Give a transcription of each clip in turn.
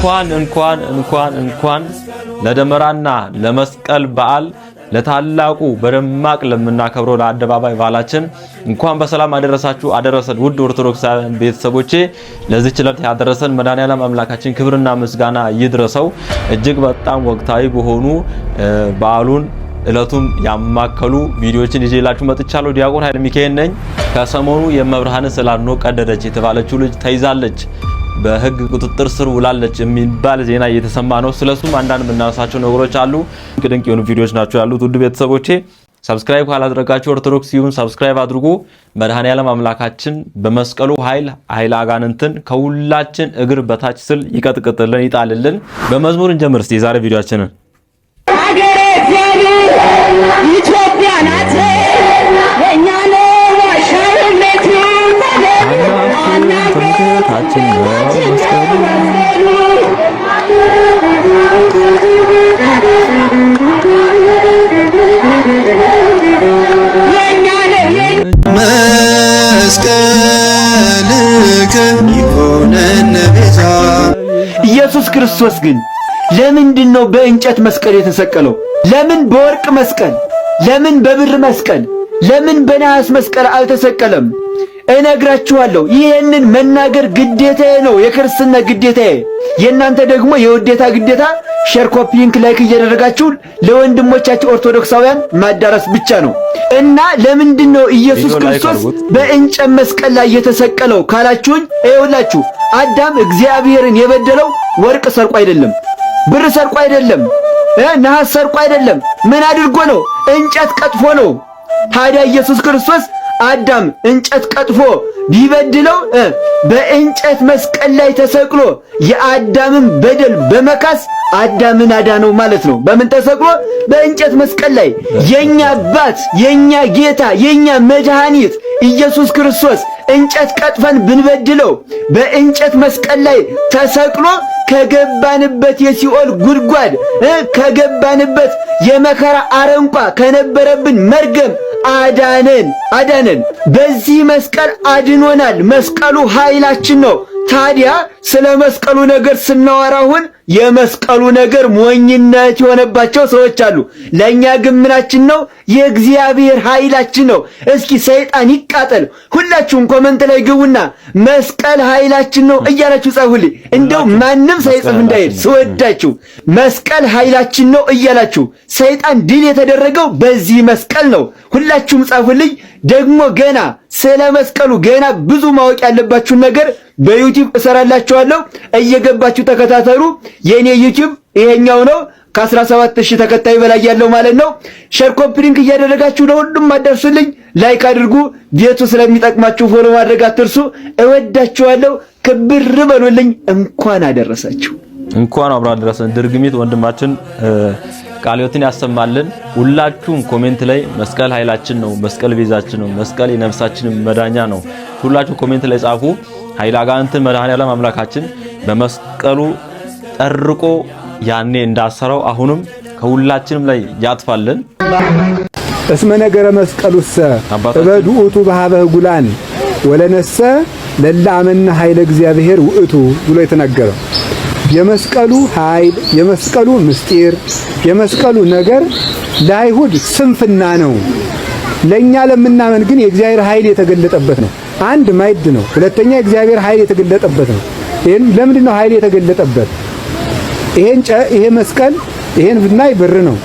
እንኳን እንኳን እንኳን እንኳን ለደመራና ለመስቀል በዓል ለታላቁ በደማቅ ለምናከብረው ለአደባባይ በዓላችን እንኳን በሰላም አደረሳችሁ አደረሰን። ውድ ኦርቶዶክሳውያን ቤተሰቦቼ ለዚህ ችለት ያደረሰን መድኃኔዓለም አምላካችን ክብርና ምስጋና ይድረሰው። እጅግ በጣም ወቅታዊ በሆኑ በዓሉን እለቱም ያማከሉ ቪዲዮዎችን ይዤላችሁ መጥቻለሁ። ዲያቆን ኃይለ ሚካኤል ነኝ። ከሰሞኑ የመብርሃን ስላኖ ቀደደች የተባለችው ልጅ ተይዛለች። በህግ ቁጥጥር ስር ውላለች የሚባል ዜና እየተሰማ ነው። ስለሱም አንዳንድ የምናነሳቸው ነገሮች አሉ። ድንቅ የሆኑ ቪዲዮዎች ናቸው ያሉት። ውድ ቤተሰቦቼ ሰብስክራይብ ካላደረጋችሁ ኦርቶዶክስ ይሁን ሰብስክራይብ አድርጉ። መድኃኔዓለም አምላካችን በመስቀሉ ኃይል ኃይል አጋንንትን ከሁላችን እግር በታች ስል ይቀጥቅጥልን፣ ይጣልልን። በመዝሙር እንጀምር እስቲ የዛሬ ቪዲዮችንን መድኃኒታችን ነው መስቀሉ። ኢየሱስ ክርስቶስ ግን ለምንድን ነው በእንጨት መስቀል የተሰቀለው? ለምን በወርቅ መስቀል፣ ለምን በብር መስቀል፣ ለምን በነሐስ መስቀል አልተሰቀለም? እነግራችኋለሁ። ይህንን መናገር ግዴታዬ ነው፣ የክርስትና ግዴታዬ። የእናንተ ደግሞ የውዴታ ግዴታ ሼር፣ ኮፒ ሊንክ፣ ላይክ እያደረጋችሁ ለወንድሞቻችሁ ኦርቶዶክሳውያን ማዳረስ ብቻ ነው እና ለምንድን ነው ኢየሱስ ክርስቶስ በእንጨት መስቀል ላይ የተሰቀለው ካላችሁኝ፣ ይኸውላችሁ አዳም እግዚአብሔርን የበደለው ወርቅ ሰርቆ አይደለም፣ ብር ሰርቆ አይደለም፣ ነሐስ ሰርቆ አይደለም። ምን አድርጎ ነው? እንጨት ቀጥፎ ነው። ታዲያ ኢየሱስ ክርስቶስ አዳም እንጨት ቀጥፎ ቢበድለው በእንጨት መስቀል ላይ ተሰቅሎ የአዳምን በደል በመካስ አዳምን አዳነው ማለት ነው። በምን ተሰቅሎ? በእንጨት መስቀል ላይ። የኛ አባት፣ የኛ ጌታ፣ የኛ መድኃኒት ኢየሱስ ክርስቶስ እንጨት ቀጥፈን ብንበድለው በእንጨት መስቀል ላይ ተሰቅሎ ከገባንበት የሲኦል ጉድጓድ ከገባንበት የመከራ አረንቋ ከነበረብን መርገም አዳነን አዳነን። በዚህ መስቀል አድኖናል። መስቀሉ ኃይላችን ነው። ታዲያ ስለ መስቀሉ ነገር ስናወራ አሁን የመስቀሉ ነገር ሞኝነት የሆነባቸው ሰዎች አሉ። ለእኛ ግን ምናችን ነው? የእግዚአብሔር ኃይላችን ነው። እስኪ ሰይጣን ይቃጠል። ሁላችሁም ኮመንት ላይ ግቡና መስቀል ኃይላችን ነው እያላችሁ ጻፉልኝ። እንደው ማንም ሳይጽፍ እንዳይል ስወዳችሁ። መስቀል ኃይላችን ነው እያላችሁ ሰይጣን ድል የተደረገው በዚህ መስቀል ነው። ሁላችሁም ጻፉልኝ። ደግሞ ገና ስለ መስቀሉ ገና ብዙ ማወቅ ያለባችሁን ነገር በዩቲዩብ እሰራላችኋለሁ። እየገባችሁ ተከታተሉ። የእኔ ዩቲዩብ ይሄኛው ነው። ከ17000 ተከታይ በላይ ያለው ማለት ነው። ሼር ኮፒሪንግ እያደረጋችሁ ለሁሉም አዳርሱልኝ። ላይክ አድርጉ። ቤቱ ስለሚጠቅማችሁ ፎሎ ማድረግ አትርሱ። እወዳችኋለሁ። ክብር በሉልኝ። እንኳን አደረሳችሁ። እንኳን አብራ አደረሰን። ድርግሚት ወንድማችን ቃልዮትን ያሰማልን። ሁላችሁም ኮሜንት ላይ መስቀል ኃይላችን ነው፣ መስቀል ቤዛችን ነው፣ መስቀል የነፍሳችን መዳኛ ነው። ሁላችሁ ኮሜንት ላይ ጻፉ። ኃይለ አጋንንትን መድኃኔዓለም አምላካችን በመስቀሉ ጠርቆ ያኔ እንዳሰረው አሁንም ከሁላችንም ላይ ያጥፋልን። እስመ ነገረ መስቀሉሰ እበ ውእቱ በሀበ ጉላን ወለነሰ ለላመና ኃይለ እግዚአብሔር ውእቱ ብሎ የተናገረው የመስቀሉ ኃይል፣ የመስቀሉ ምስጢር፣ የመስቀሉ ነገር ለአይሁድ ስንፍና ነው። ለኛ ለምናመን ግን የእግዚአብሔር ኃይል የተገለጠበት ነው። አንድ ማይድ ነው። ሁለተኛ የእግዚአብሔር ኃይል የተገለጠበት ነው። ይሄን ለምንድን ነው ኃይል የተገለጠበት? ይሄን ይሄ መስቀል ይሄን ብናይ ብር ነው።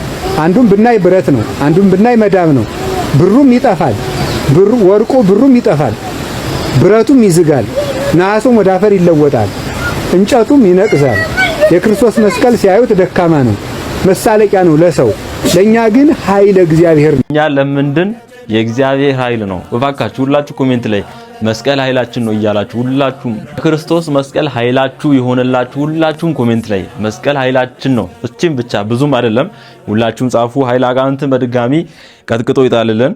አንዱም ብናይ ብረት ነው። አንዱም ብናይ መዳብ ነው። ብሩም ይጠፋል። ብሩ ወርቁ ብሩም ይጠፋል። ብረቱም ይዝጋል። ነሐሱም ወደ አፈር ይለወጣል። እንጨቱም ይነቅዛል። የክርስቶስ መስቀል ሲያዩት ደካማ ነው፣ መሳለቂያ ነው ለሰው፣ ለኛ ግን ኃይለ እግዚአብሔር ነው። እኛ ለምንድን የእግዚአብሔር ኃይል ነው። እባካችሁ ሁላችሁ ኮሜንት ላይ መስቀል ኃይላችን ነው እያላችሁ ሁላችሁም ክርስቶስ መስቀል ኃይላችሁ የሆነላችሁ ሁላችሁም ኮሜንት ላይ መስቀል ኃይላችን ነው። እችም ብቻ ብዙም አይደለም፣ ሁላችሁም ጻፉ። ኃይል አጋንንትን በድጋሚ ቀጥቅጦ ይጣልልን።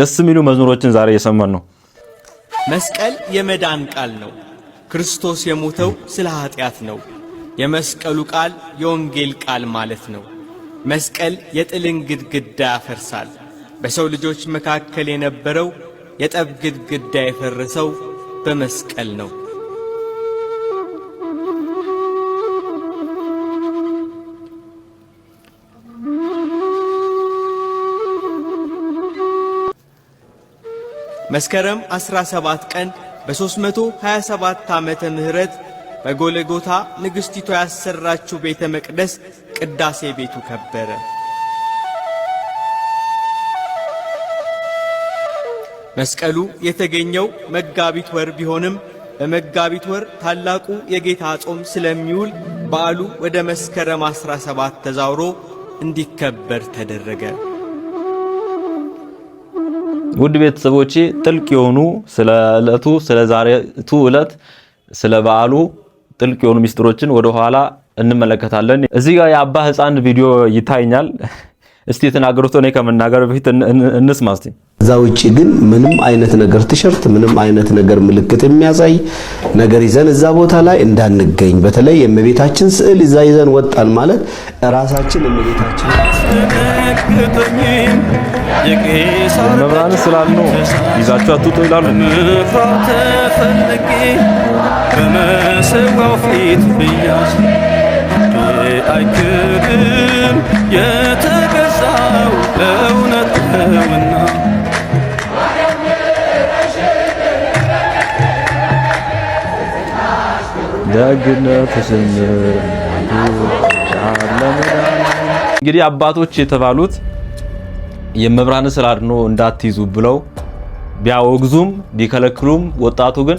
ደስ የሚሉ መዝሙሮችን ዛሬ እየሰማን ነው። መስቀል የመዳን ቃል ነው። ክርስቶስ የሞተው ስለ ኃጢአት ነው። የመስቀሉ ቃል የወንጌል ቃል ማለት ነው። መስቀል የጥልን ግድግዳ ያፈርሳል። በሰው ልጆች መካከል የነበረው የጠብ ግድግዳ የፈረሰው በመስቀል ነው። መስከረም 17 ቀን በ327 ዓመተ ምህረት በጎለጎታ ንግሥቲቷ ያሰራችው ቤተ መቅደስ ቅዳሴ ቤቱ ከበረ። መስቀሉ የተገኘው መጋቢት ወር ቢሆንም በመጋቢት ወር ታላቁ የጌታ ጾም ስለሚውል በዓሉ ወደ መስከረም 17 ተዛውሮ እንዲከበር ተደረገ። ውድ ቤተሰቦቼ ጥልቅ የሆኑ ስለ ዕለቱ ስለ ዛሬቱ ዕለት ስለ በዓሉ ጥልቅ የሆኑ ሚስጥሮችን ወደኋላ እንመለከታለን። እዚህ ጋር የአባ ሕፃን ቪዲዮ ይታይኛል። እስቲ የተናገሩት እኔ ከመናገር በፊት እንስማ እስቲ። እዛ ውጪ ግን ምንም አይነት ነገር ቲሸርት፣ ምንም አይነት ነገር ምልክት የሚያሳይ ነገር ይዘን እዛ ቦታ ላይ እንዳንገኝ። በተለይ የእመቤታችን ስዕል እዛ ይዘን ወጣን ማለት ራሳችን እመቤታችን መብራን ስላሉ ይዛችሁ አትውጡ ይላሉ። በመሰዋው ፊት ብያዝ አይክድም የበዛው እውነት ነውና ደግነት እንግዲህ አባቶች የተባሉት የመብራን ስራ አድኖ እንዳትይዙ ብለው ቢያወግዙም ቢከለክሉም ወጣቱ ግን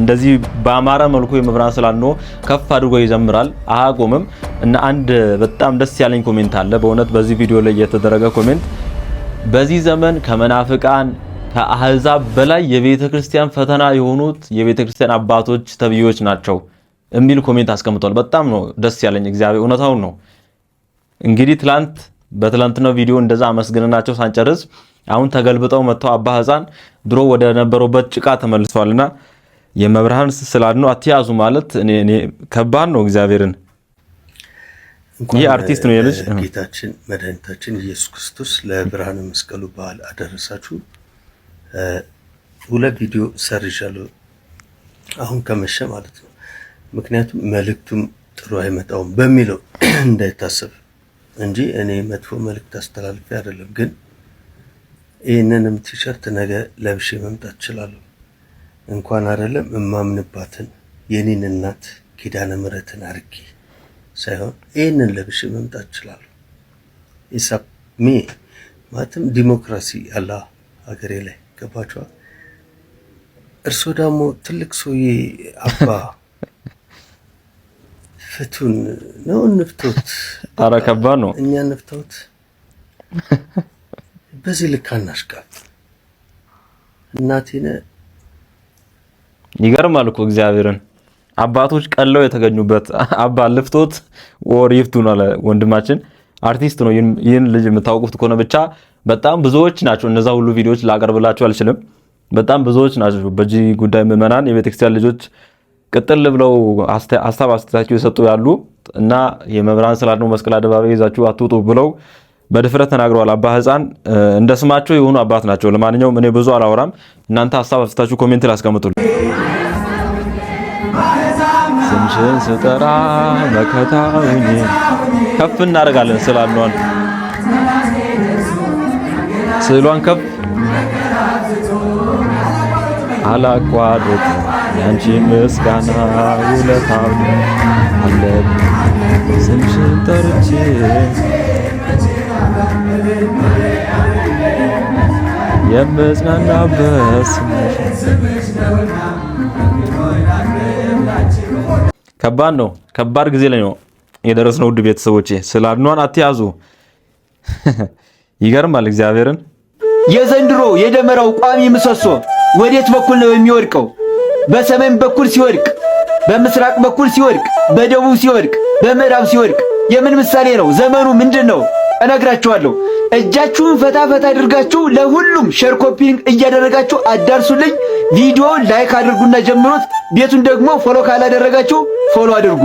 እንደዚህ በአማረ መልኩ የመብራን ስራ አድኖ ከፍ አድርጎ ይዘምራል፣ አያቆምም። እና አንድ በጣም ደስ ያለኝ ኮሜንት አለ። በእውነት በዚህ ቪዲዮ ላይ የተደረገ ኮሜንት በዚህ ዘመን ከመናፍቃን ከአህዛብ በላይ የቤተ ክርስቲያን ፈተና የሆኑት የቤተ ክርስቲያን አባቶች ተብዮች ናቸው የሚል ኮሜንት አስቀምጧል። በጣም ነው ደስ ያለኝ። እግዚአብሔር እውነታውን ነው። እንግዲህ ትላንት በትላንትናው ቪዲዮ እንደዛ አመስግነናቸው ሳንጨርስ አሁን ተገልብጠው መጥተው አባ ሕፃን ድሮ ወደ ነበሩበት ጭቃ ተመልሰዋልና የመብርሃን ነው አትያዙ ማለት ከባድ ነው እግዚአብሔርን ይህ አርቲስት ነው የልጅ ጌታችን መድኃኒታችን ኢየሱስ ክርስቶስ ለብርሃነ መስቀሉ በዓል አደረሳችሁ። ሁለት ቪዲዮ ሰርዣለሁ አሁን ከመሸ ማለት ነው። ምክንያቱም መልእክቱም ጥሩ አይመጣውም በሚለው እንዳይታሰብ እንጂ እኔ መጥፎ መልእክት አስተላልፌ አይደለም። ግን ይህንንም ቲሸርት ነገ ለብሼ መምጣት እችላለሁ። እንኳን አይደለም እማምንባትን የኔን እናት ኪዳነ ምሕረትን አድርጌ ሳይሆን ይህንን ለብሼ መምጣት እችላለሁ። ኢሳፕ ሜ ማለትም ዲሞክራሲ አላ ሀገሬ ላይ ገባችኋል። እርስዎ ደግሞ ትልቅ ሰውዬ አባ ፍቱን ነው እንፍቶት። ኧረ ከባድ ነው። እኛ እንፍቶት በዚህ ልክ አናሽቃል። እናቴ ይገርማል እኮ እግዚአብሔርን አባቶች ቀለው የተገኙበት አባ ልፍቶት ወር ይፍቱ ነው አለ ወንድማችን። አርቲስት ነው ይህን ልጅ የምታውቁት ከሆነ ብቻ በጣም ብዙዎች ናቸው። እነዛ ሁሉ ቪዲዮዎች ላቀርብላችሁ አልችልም። በጣም ብዙዎች ናቸው። በዚህ ጉዳይ ምዕመናን፣ የቤተክርስቲያን ልጆች ቅጥል ብለው ሀሳብ አስተያየታቸው የሰጡ ያሉ እና የመብራን ስላድ ነው መስቀል አደባባይ ይዛችሁ አትውጡ ብለው በድፍረት ተናግረዋል። አባ ህፃን እንደ ስማቸው የሆኑ አባት ናቸው። ለማንኛውም እኔ ብዙ አላወራም። እናንተ ሀሳብ አስተያየታችሁ ኮሜንት ላስቀምጡልኝ። ስምሽን ስጠራ መከታውኝ ከፍ እናደርጋለን። ስላሏን ስዕሏን ከፍ አላቋርጥ ያንቺ ምስጋና ውለታ አለ ስምሽን ጠርቼ የምጽናናበት ከባድ ነው። ከባድ ጊዜ ላይ ነው የደረስነው። ውድ ቤተሰቦቼ ስለ አድኗን አትያዙ። ይገርማል። እግዚአብሔርን የዘንድሮ የደመራው ቋሚ ምሰሶ ወዴት በኩል ነው የሚወድቀው? በሰሜን በኩል ሲወድቅ፣ በምስራቅ በኩል ሲወድቅ፣ በደቡብ ሲወድቅ፣ በምዕራብ ሲወድቅ የምን ምሳሌ ነው? ዘመኑ ምንድን ነው? እነግራችኋለሁ። እጃችሁን ፈታ ፈታ አድርጋችሁ ለሁሉም ሼር ኮፒንግ እያደረጋችሁ አዳርሱልኝ። ቪዲዮ ላይክ አድርጉና ጀምሩት። ቤቱን ደግሞ ፎሎ ካላደረጋችሁ ፎሎ አድርጉ።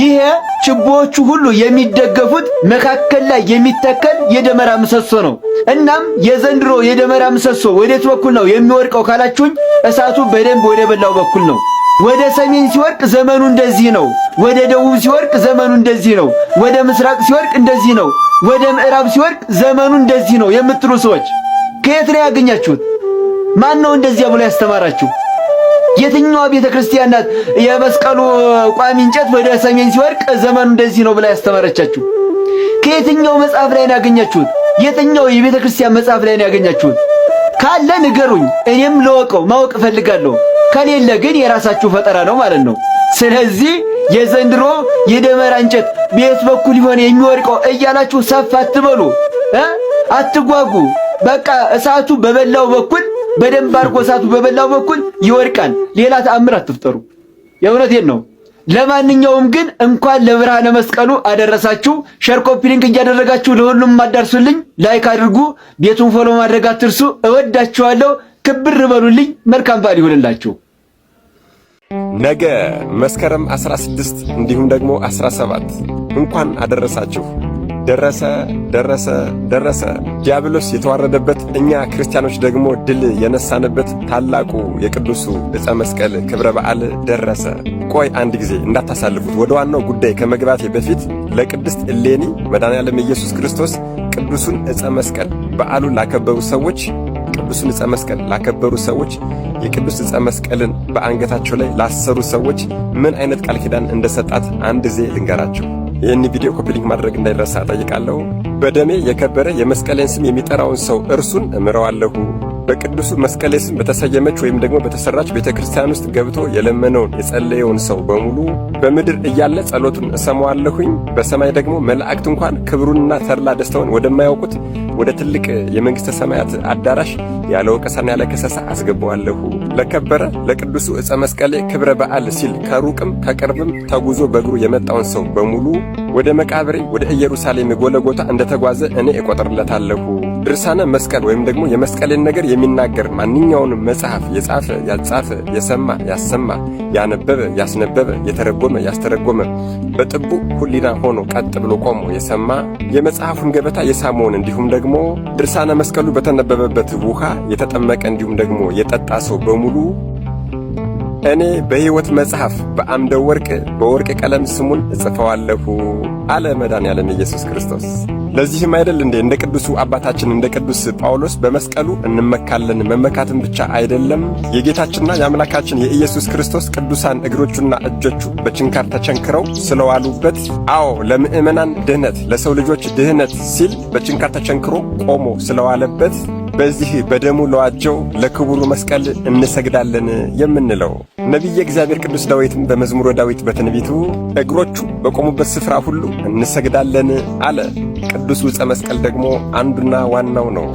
ይሄ ችቦዎቹ ሁሉ የሚደገፉት መካከል ላይ የሚተከል የደመራ ምሰሶ ነው። እናም የዘንድሮ የደመራ ምሰሶ ወዴት በኩል ነው የሚወድቀው ካላችሁኝ፣ እሳቱ በደንብ ወደ በላው በኩል ነው። ወደ ሰሜን ሲወርቅ ዘመኑ እንደዚህ ነው። ወደ ደቡብ ሲወርቅ ዘመኑ እንደዚህ ነው። ወደ ምስራቅ ሲወርቅ እንደዚህ ነው። ወደ ምዕራብ ሲወርቅ ዘመኑ እንደዚህ ነው የምትሉ ሰዎች ከየት ነው ያገኛችሁት? ማን ነው እንደዚያ ብሎ ያስተማራችሁ? የትኛዋ ቤተ ክርስቲያን ናት የመስቀሉ ቋሚ እንጨት ወደ ሰሜን ሲወርቅ ዘመኑ እንደዚህ ነው ብላ ያስተማረቻችሁ? ከየትኛው መጽሐፍ ላይ ነው ያገኛችሁት? የትኛው የቤተ ክርስቲያን መጽሐፍ ላይ ነው ያገኛችሁት? ካለ ንገሩኝ፣ እኔም ለወቀው ማወቅ እፈልጋለሁ። ከሌለ ግን የራሳችሁ ፈጠራ ነው ማለት ነው። ስለዚህ የዘንድሮ የደመራ እንጨት በየት በኩል ይሆን የሚወድቀው እያላችሁ ሰፍ አትበሉ አትጓጉ። በቃ እሳቱ በበላው በኩል በደንብ አድርጎ እሳቱ በበላው በኩል ይወድቃል። ሌላ ተአምር አትፍጠሩ። የእውነቴን ነው። ለማንኛውም ግን እንኳን ለብርሃነ መስቀሉ አደረሳችሁ። ሸር ኮፒ ሊንክ እያደረጋችሁ ለሁሉም አዳርሱልኝ። ላይክ አድርጉ። ቤቱን ፎሎ ማድረግ አትርሱ። እወዳችኋለሁ። ክብር በሉልኝ። መልካም በዓል ይሁንላችሁ። ነገ መስከረም 16 እንዲሁም ደግሞ 17 እንኳን አደረሳችሁ። ደረሰ ደረሰ ደረሰ። ዲያብሎስ የተዋረደበት እኛ ክርስቲያኖች ደግሞ ድል የነሳንበት ታላቁ የቅዱሱ ዕፀ መስቀል ክብረ በዓል ደረሰ። ቆይ አንድ ጊዜ እንዳታሳልፉት። ወደ ዋናው ጉዳይ ከመግባቴ በፊት ለቅድስት እሌኒ መድኃኔዓለም ኢየሱስ ክርስቶስ ቅዱሱን ዕፀ መስቀል በዓሉን ላከበሩ ሰዎች ቅዱሱን ዕፀ መስቀል ላከበሩ ሰዎች የቅዱስ ዕፀ መስቀልን በአንገታቸው ላይ ላሰሩ ሰዎች ምን አይነት ቃል ኪዳን እንደሰጣት አንድ ጊዜ ልንገራቸው። ይህን ቪዲዮ ኮፒሊንግ ማድረግ እንዳይረሳ ጠይቃለሁ። በደሜ የከበረ የመስቀሌን ስም የሚጠራውን ሰው እርሱን እምረዋለሁ። በቅዱስ መስቀሌ ስም በተሰየመች ወይም ደግሞ በተሰራች ቤተ ክርስቲያን ውስጥ ገብቶ የለመነውን የጸለየውን ሰው በሙሉ በምድር እያለ ጸሎቱን እሰማዋለሁኝ፣ በሰማይ ደግሞ መላእክት እንኳን ክብሩንና ተድላ ደስታውን ወደማያውቁት ወደ ትልቅ የመንግሥተ ሰማያት አዳራሽ ያለ ወቀሳና ያለ ከሰሳ አስገባዋለሁ። ለከበረ ለቅዱሱ ዕፀ መስቀሌ ክብረ በዓል ሲል ከሩቅም ከቅርብም ተጉዞ በእግሩ የመጣውን ሰው በሙሉ ወደ መቃብሬ ወደ ኢየሩሳሌም ጎለጎታ እንደተጓዘ እኔ እቆጥርለታለሁ። ድርሳነ መስቀል ወይም ደግሞ የመስቀልን ነገር የሚናገር ማንኛውንም መጽሐፍ የጻፈ ያጻፈ፣ የሰማ ያሰማ፣ ያነበበ ያስነበበ፣ የተረጎመ ያስተረጎመ፣ በጥቡ ሁሊና ሆኖ ቀጥ ብሎ ቆሞ የሰማ የመጽሐፉን ገበታ የሳመውን እንዲሁም ደግሞ ድርሳነ መስቀሉ በተነበበበት ውሃ የተጠመቀ እንዲሁም ደግሞ የጠጣ ሰው በሙሉ እኔ በሕይወት መጽሐፍ በአምደ ወርቅ በወርቅ ቀለም ስሙን እጽፈዋለሁ አለ መዳን ዓለም ኢየሱስ ክርስቶስ። ለዚህም አይደል እንዴ እንደ ቅዱሱ አባታችን እንደ ቅዱስ ጳውሎስ በመስቀሉ እንመካለን። መመካትን ብቻ አይደለም የጌታችንና የአምላካችን የኢየሱስ ክርስቶስ ቅዱሳን እግሮቹና እጆቹ በችንካር ተቸንክረው ስለዋሉበት፣ አዎ ለምእመናን ድህነት፣ ለሰው ልጆች ድህነት ሲል በችንካር ተቸንክሮ ቆሞ ስለዋለበት በዚህ በደሙ ለዋጀው ለክቡሩ መስቀል እንሰግዳለን የምንለው። ነቢየ እግዚአብሔር ቅዱስ ዳዊትም በመዝሙረ ዳዊት በትንቢቱ እግሮቹ በቆሙበት ስፍራ ሁሉ እንሰግዳለን አለ። ቅዱስ ዕፀ መስቀል ደግሞ አንዱና ዋናው ነው።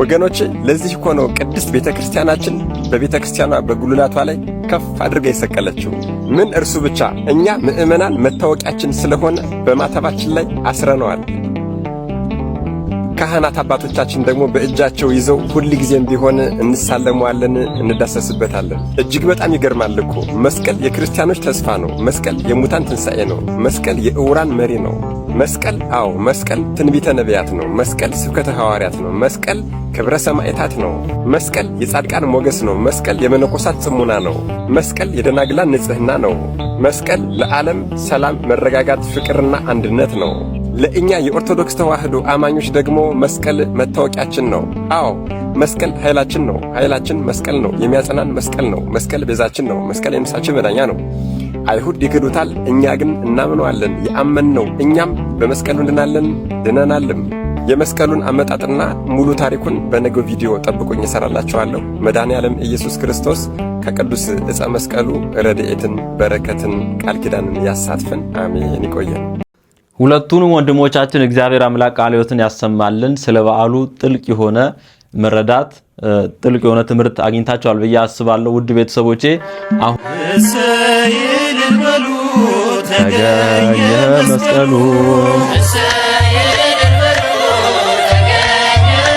ወገኖች ለዚህ እኮ ነው ቅድስት ቤተ ክርስቲያናችን በቤተ ክርስቲያኗ በጉልላቷ ላይ ከፍ አድርጋ የሰቀለችው። ምን እርሱ ብቻ እኛ ምእመናን መታወቂያችን ስለሆነ በማተባችን ላይ አስረነዋል። ካህናት አባቶቻችን ደግሞ በእጃቸው ይዘው ጊዜም ቢሆን እንሳለመዋለን፣ እንዳሰስበታለን። እጅግ በጣም ይገርማል እኮ መስቀል የክርስቲያኖች ተስፋ ነው። መስቀል የሙታን ትንሣኤ ነው። መስቀል የእውራን መሪ ነው። መስቀል አዎ፣ መስቀል ትንቢተ ነቢያት ነው። መስቀል ስብከተ ሐዋርያት ነው። መስቀል ክብረ ሰማዕታት ነው። መስቀል የጻድቃን ሞገስ ነው። መስቀል የመነኮሳት ጽሙና ነው። መስቀል የደናግላን ንጽሕና ነው። መስቀል ለዓለም ሰላም፣ መረጋጋት፣ ፍቅርና አንድነት ነው። ለእኛ የኦርቶዶክስ ተዋህዶ አማኞች ደግሞ መስቀል መታወቂያችን ነው። አዎ መስቀል ኃይላችን ነው። ኃይላችን መስቀል ነው። የሚያጸናን መስቀል ነው። መስቀል ቤዛችን ነው። መስቀል የነፍሳችን መዳኛ ነው። አይሁድ ይክዱታል፣ እኛ ግን እናምነዋለን። ነው እኛም በመስቀሉ እንድናለን፣ ድነናልም። የመስቀሉን አመጣጥና ሙሉ ታሪኩን በነገው ቪዲዮ ጠብቁኝ እሰራላችኋለሁ። መድኃኔ ዓለም ኢየሱስ ክርስቶስ ከቅዱስ ዕፀ መስቀሉ ረድኤትን፣ በረከትን፣ ቃል ኪዳንን ያሳትፈን። አሜን። ይቆየን። ሁለቱንም ወንድሞቻችን እግዚአብሔር አምላክ ቃለ ሕይወትን ያሰማልን። ስለ በዓሉ ጥልቅ የሆነ መረዳት ጥልቅ የሆነ ትምህርት አግኝታችኋል ብዬ አስባለሁ። ውድ ቤተሰቦቼ አሁን ተገኘ መስቀሉ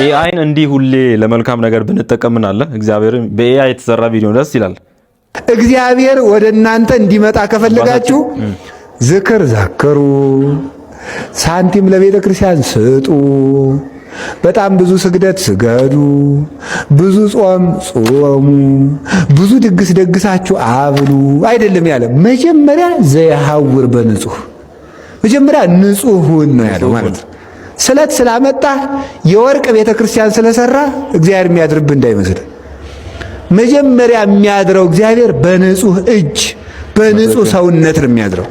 ኤአይን እንዲህ ሁሌ ለመልካም ነገር ብንጠቀምናለ እግዚአብሔር በኤአይ የተሰራ ቪዲዮ ደስ ይላል። እግዚአብሔር ወደ እናንተ እንዲመጣ ከፈለጋችሁ ዝክር ዘክሩ፣ ሳንቲም ለቤተ ክርስቲያን ስጡ፣ በጣም ብዙ ስግደት ስገዱ፣ ብዙ ጾም ጾሙ፣ ብዙ ድግስ ደግሳችሁ አብሉ አይደለም ያለ። መጀመሪያ ዘይሐውር በንጹህ መጀመሪያ ንጹህን ነው ያለው ማለት ነው። ስለት ስላመጣ የወርቅ ቤተ ክርስቲያን ስለሰራ እግዚአብሔር የሚያድርብ እንዳይመስል መጀመሪያ የሚያድረው እግዚአብሔር በንጹህ እጅ በንጹህ ሰውነት ነው የሚያድረው።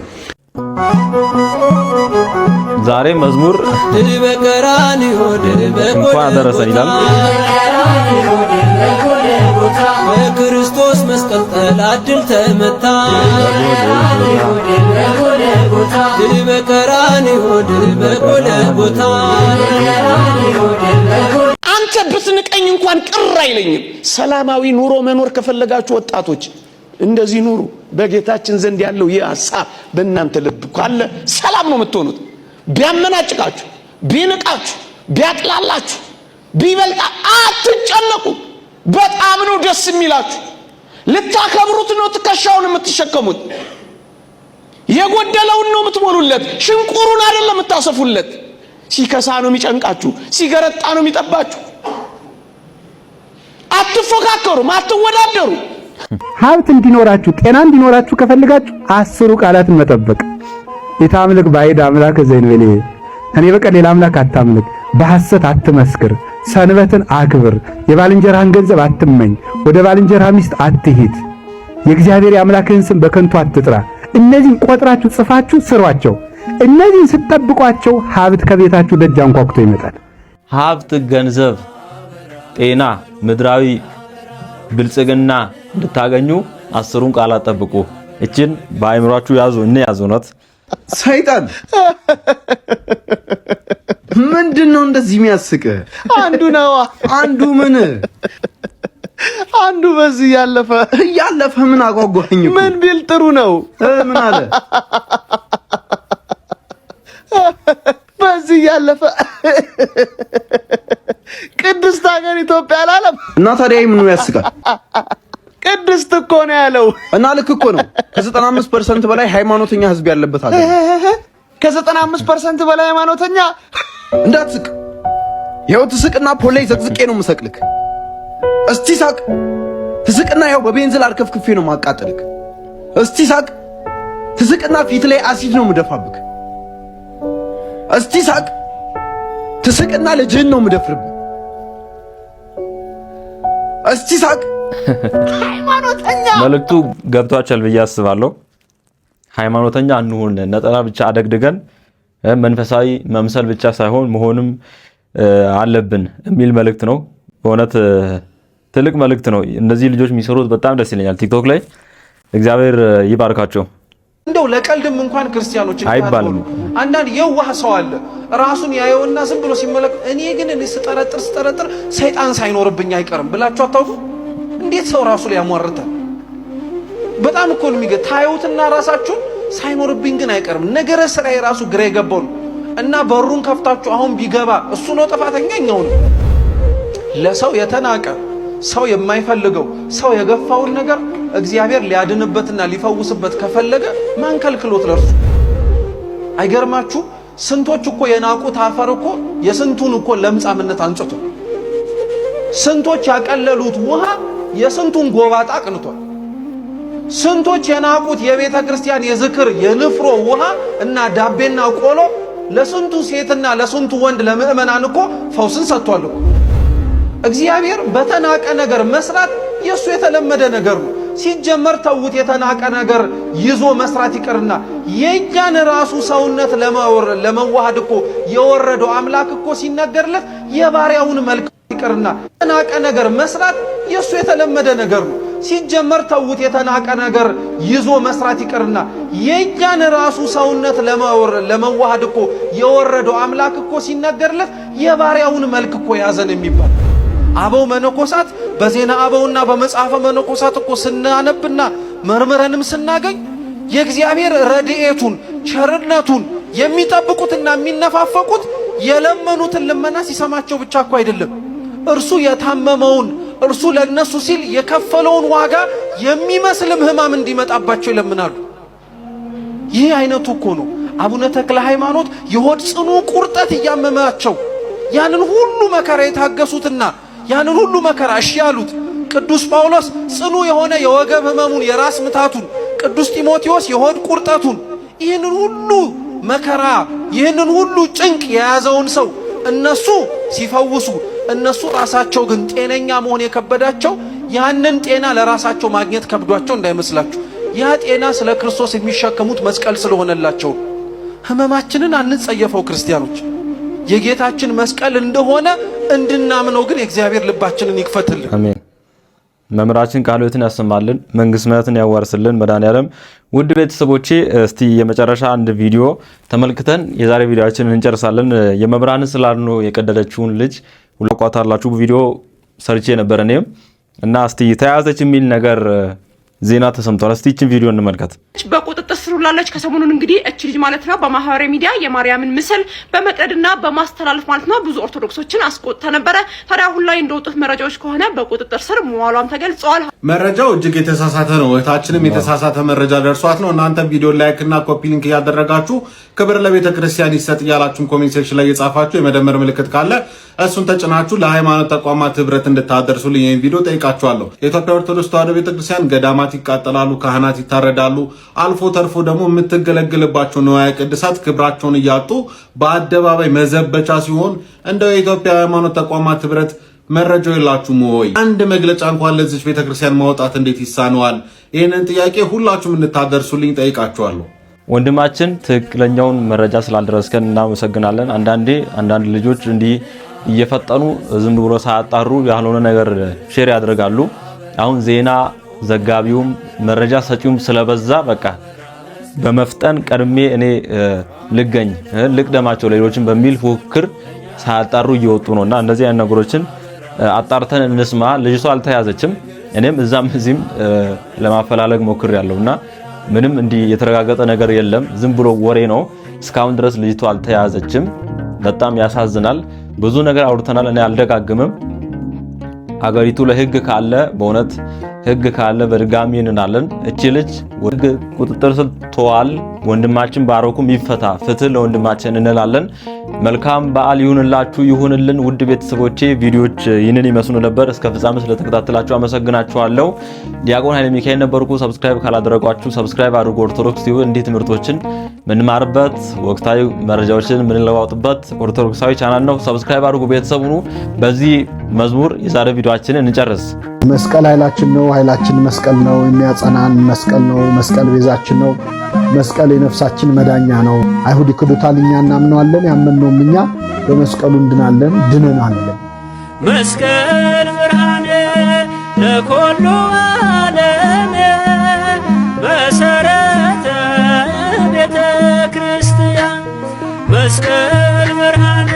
ዛሬ መዝሙር እንኳን አደረሰን ይላል። በክርስቶስ መስቀል ጥላ ድል ተመታ። ድል በቀራንዮ ድል በጎልጎታ። አንተ ብትንቀኝ እንኳን ቅር አይለኝም። ሰላማዊ ኑሮ መኖር ከፈለጋችሁ ወጣቶች እንደዚህ ኑሩ። በጌታችን ዘንድ ያለው ይህ ሀሳብ በእናንተ ልብ ካለ ሰላም ነው የምትሆኑት። ቢያመናጭቃችሁ፣ ቢንቃችሁ፣ ቢያጥላላችሁ፣ ቢበልጣ አትጨነቁ። በጣም ነው ደስ የሚላችሁ። ልታከብሩት ነው ትከሻውን የምትሸከሙት። የጎደለውን ነው የምትሞሉለት። ሽንቁሩን አይደለም የምታሰፉለት። ሲከሳ ነው የሚጨንቃችሁ፣ ሲገረጣ ነው የሚጠባችሁ። አትፎካከሩም፣ አትወዳደሩ። ሀብት እንዲኖራችሁ ጤና እንዲኖራችሁ ከፈልጋችሁ አስሩ ቃላትን መጠበቅ የታምልክ ባይድ አምላክ ዘይንበል እኔ በቀር ሌላ አምላክ አታምልክ፣ በሐሰት አትመስክር፣ ሰንበትን አክብር፣ የባልንጀራህን ገንዘብ አትመኝ፣ ወደ ባልንጀራ ሚስት አትሂድ፣ የእግዚአብሔር የአምላክህን ስም በከንቱ አትጥራ። እነዚህን ቆጥራችሁ ጽፋችሁ ስሯቸው። እነዚህን ስትጠብቋቸው ሀብት ከቤታችሁ ደጅ አንኳኩቶ ይመጣል። ሀብት፣ ገንዘብ፣ ጤና፣ ምድራዊ ብልጽግና እንድታገኙ አስሩን ቃላት ጠብቁ። እችን በአእምሯችሁ ያዙ። እኔ ያዙ ናት። ሰይጣን ምንድን ነው እንደዚህ የሚያስቅ? አንዱ ነዋ። አንዱ ምን አንዱ በዚህ እያለፈ እያለፈ ምን አጓጓኝ? ምን ቢል ጥሩ ነው? ምን አለ በዚህ እያለፈ ቅድስት ሀገር ኢትዮጵያ አላለም እና ታዲያ ምኑ ያስቃል? ቅድስት እኮ ነው ያለው እና ልክ እኮ ነው። ከ95% በላይ ሃይማኖተኛ ህዝብ ያለበት ሀገር ከ95% በላይ ሃይማኖተኛ እንዳትስቅ። ይኸው ትስቅና ፖላይ ዘቅዝቄ ነው ምሰቅልክ እስቲ ሳቅ። ትስቅና ይኸው በቤንዝል አርከፍክፌ ነው ማቃጠልክ። እስቲ ሳቅ። ትስቅና ፊት ላይ አሲድ ነው የምደፋብክ። እስቲ ሳቅ። ትስቅና ልጅህን ነው የምደፍርብህ። እስቲ ሳቅ። መልእክቱ ገብቷቸል ብዬ አስባለሁ። ሃይማኖተኛ አንሁን፣ ነጠላ ብቻ አደግድገን መንፈሳዊ መምሰል ብቻ ሳይሆን መሆንም አለብን የሚል መልእክት ነው። በእውነት ትልቅ መልእክት ነው። እነዚህ ልጆች የሚሰሩት በጣም ደስ ይለኛል። ቲክቶክ ላይ እግዚአብሔር ይባርካቸው። እንደው ለቀልድም እንኳን ክርስቲያኖች አይባልም። አንዳንድ የዋህ ሰው አለ ራሱን ያየውና ዝም ብሎ ሲመለክ እኔ ግን ስጠረጥር ስጠረጥር ሰይጣን ሳይኖርብኝ አይቀርም ብላችሁ አታውቁ እንዴት ሰው ራሱ ላይ ያሟርታል? በጣም እኮ ነው የሚገ ታዩትና ራሳችሁን ሳይኖርብኝ ግን አይቀርም ነገረ ስራዬ ራሱ ግራ የገባው ነው። እና በሩን ከፍታችሁ አሁን ቢገባ እሱ ነው ጥፋተኛ እኛው ነው። ለሰው የተናቀ ሰው የማይፈልገው ሰው የገፋውን ነገር እግዚአብሔር ሊያድንበትና ሊፈውስበት ከፈለገ ማን ከልክሎት ለርሱ? አይገርማችሁ ስንቶች እኮ የናቁት አፈር እኮ የስንቱን እኮ ለምጻምነት አንጽቶ ስንቶች ያቀለሉት ውሃ የስንቱን ጎባጣ አቅንቷል። ስንቶች የናቁት የቤተ ክርስቲያን የዝክር የንፍሮ ውሃ እና ዳቤና ቆሎ ለስንቱ ሴትና ለስንቱ ወንድ ለምእመናን እኮ ፈውስን ሰጥቷል እግዚአብሔር በተናቀ ነገር መስራት የእሱ የተለመደ ነገር ነው። ሲጀመር ተውት፣ የተናቀ ነገር ይዞ መስራት ይቅርና የእኛን ራሱ ሰውነት ለመዋሃድ እኮ የወረደው አምላክ እኮ ሲነገርለት የባሪያውን መልክ ይቅርና የተናቀ ነገር መስራት የእሱ የተለመደ ነገር ነው። ሲጀመር ተውት። የተናቀ ነገር ይዞ መስራት ይቅርና የእኛን ራሱ ሰውነት ለመዋሃድ እኮ የወረደው አምላክ እኮ ሲነገርለት የባሪያውን መልክ እኮ ያዘን የሚባል አበው መነኮሳት በዜና አበውና በመጽሐፈ መነኮሳት እኮ ስናነብና መርምረንም ስናገኝ የእግዚአብሔር ረድኤቱን ቸርነቱን የሚጠብቁትና የሚነፋፈቁት የለመኑትን ልመና ሲሰማቸው ብቻ እኮ አይደለም። እርሱ የታመመውን እርሱ ለነሱ ሲል የከፈለውን ዋጋ የሚመስልም ህማም እንዲመጣባቸው ይለምናሉ። ይህ አይነቱ እኮ ነው አቡነ ተክለ ሃይማኖት የሆድ ጽኑ ቁርጠት እያመማቸው ያንን ሁሉ መከራ የታገሱትና ያንን ሁሉ መከራ እሺ ያሉት ቅዱስ ጳውሎስ ጽኑ የሆነ የወገብ ህመሙን የራስ ምታቱን፣ ቅዱስ ጢሞቴዎስ የሆድ ቁርጠቱን፣ ይህንን ሁሉ መከራ ይህንን ሁሉ ጭንቅ የያዘውን ሰው እነሱ ሲፈውሱ እነሱ ራሳቸው ግን ጤነኛ መሆን የከበዳቸው ያንን ጤና ለራሳቸው ማግኘት ከብዷቸው እንዳይመስላችሁ። ያ ጤና ስለ ክርስቶስ የሚሸከሙት መስቀል ስለሆነላቸው ህመማችንን አንጸየፈው። ክርስቲያኖች የጌታችን መስቀል እንደሆነ እንድናምነው ግን የእግዚአብሔር ልባችንን ይክፈትልን። አሜን። መምህራችን ቃለ ሕይወትን ያሰማልን፣ መንግስት ምሕረትን ያዋርስልን መድኃኔዓለም። ውድ ቤተሰቦቼ እስቲ የመጨረሻ አንድ ቪዲዮ ተመልክተን የዛሬ ቪዲዮአችንን እንጨርሳለን። የመምህራንን ስላልኖ የቀደደችውን ልጅ ሁለቋታላችሁ ቪዲዮ ሰርቼ ነበር እኔም እና እስቲ ተያዘች የሚል ነገር ዜና ተሰምቷል። እስቲ ይችን ቪዲዮ እንመልከት። በቁጥጥር ስር ውላለች። ከሰሞኑን እንግዲህ እች ልጅ ማለት ነው በማህበራዊ ሚዲያ የማርያምን ምስል በመቅደድና በማስተላለፍ ማለት ነው ብዙ ኦርቶዶክሶችን አስቆጥተ ነበረ። ታዲያ አሁን ላይ እንደወጡት መረጃዎች ከሆነ በቁጥጥር ስር መዋሏም ተገልጸዋል። መረጃው እጅግ የተሳሳተ ነው። እህታችንም የተሳሳተ መረጃ ደርሷት ነው። እናንተ ቪዲዮ ላይክ እና ኮፒ ሊንክ እያደረጋችሁ ክብር ለቤተ ክርስቲያን ይሰጥ እያላችሁም ኮሜንት ሴክሽን ላይ የጻፋችሁ የመደመር ምልክት ካለ እሱን ተጭናችሁ ለሃይማኖት ተቋማት ህብረት እንድታደርሱልኝ ይህን ቪዲዮ ጠይቃችኋለሁ። የኢትዮጵያ ኦርቶዶክስ ተዋሕዶ ቤተክርስቲያን ገዳማ ካህናት ይቃጠላሉ፣ ካህናት ይታረዳሉ። አልፎ ተርፎ ደግሞ የምትገለግልባቸው ንዋየ ቅድሳት ክብራቸውን እያጡ በአደባባይ መዘበቻ ሲሆን እንደው የኢትዮጵያ ሃይማኖት ተቋማት ህብረት መረጃው የላችሁም ወይ? አንድ መግለጫ እንኳን ለዚች ቤተክርስቲያን ማውጣት እንዴት ይሳነዋል? ይህንን ጥያቄ ሁላችሁም እንታደርሱልኝ ጠይቃችኋለሁ። ወንድማችን ትክክለኛውን መረጃ ስላልደረስከን እናመሰግናለን። አንዳንዴ አንዳንድ ልጆች እንዲህ እየፈጠኑ ዝም ብሎ ሳያጣሩ ያልሆነ ነገር ሼር ያደርጋሉ። አሁን ዜና ዘጋቢውም መረጃ ሰጪውም ስለበዛ በቃ በመፍጠን ቀድሜ እኔ ልገኝ ልቅደማቸው ሌሎችን በሚል ፉክክር ሳያጣሩ እየወጡ ነው እና እነዚህ አይነት ነገሮችን አጣርተን እንስማ። ልጅቷ አልተያዘችም። እኔም እዛም እዚህም ለማፈላለግ ሞክር ያለው እና ምንም እንዲህ የተረጋገጠ ነገር የለም። ዝም ብሎ ወሬ ነው። እስካሁን ድረስ ልጅቷ አልተያዘችም። በጣም ያሳዝናል። ብዙ ነገር አውርተናል። እኔ አልደጋግምም። አገሪቱ ለህግ ካለ በእውነት ህግ ካለ በድጋሚ እንናለን። እቺ ልጅ ህግ ቁጥጥር ስር ተዋል። ወንድማችን ባሮኩም ይፈታ፣ ፍትህ ለወንድማችን እንላለን። መልካም በዓል ይሁንላችሁ፣ ይሁንልን። ውድ ቤተሰቦቼ ቪዲዮዎች ይህንን ይመስሉ ነበር። እስከ ፍጻሜ ስለተከታተላችሁ አመሰግናችኋለሁ። ዲያቆን ኃይለ ሚካኤል ነበርኩ። ሰብስክራይብ ካላደረጓችሁ ሰብስክራይብ አድርጉ። ኦርቶዶክስ ቲዩብ እንዲህ ትምህርቶችን ምንማርበት ወቅታዊ መረጃዎችን ምንለዋውጥበት ኦርቶዶክሳዊ ቻናል ነው። ሰብስክራይብ አድርጉ ቤተሰብ ሁኑ። በዚህ መዝሙር የዛሬ ቪዲዮችንን እንጨርስ። መስቀል ኃይላችን ነው፣ ኃይላችን መስቀል ነው፣ የሚያጸናን መስቀል ነው፣ መስቀል ቤዛችን ነው፣ መስቀል የነፍሳችን መዳኛ ነው። አይሁድ ይክዱታል፣ እኛ እናምነዋለን፣ ያመንነውም እኛ በመስቀሉ እንድናለን፣ ድነናለን። መስቀል ብርሃነ ለኮሎ መስቀል ብርሃን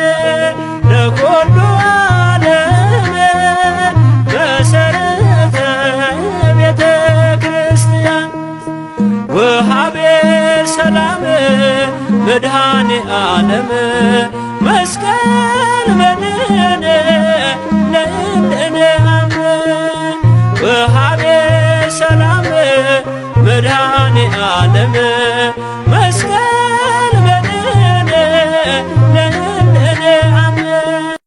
ለኮሉ ዓለም መሰረተ ቤተ ክርስቲያን ሰላም መድኃኔ ዓለም መስቀል ሰላም መድኃኔ ዓለም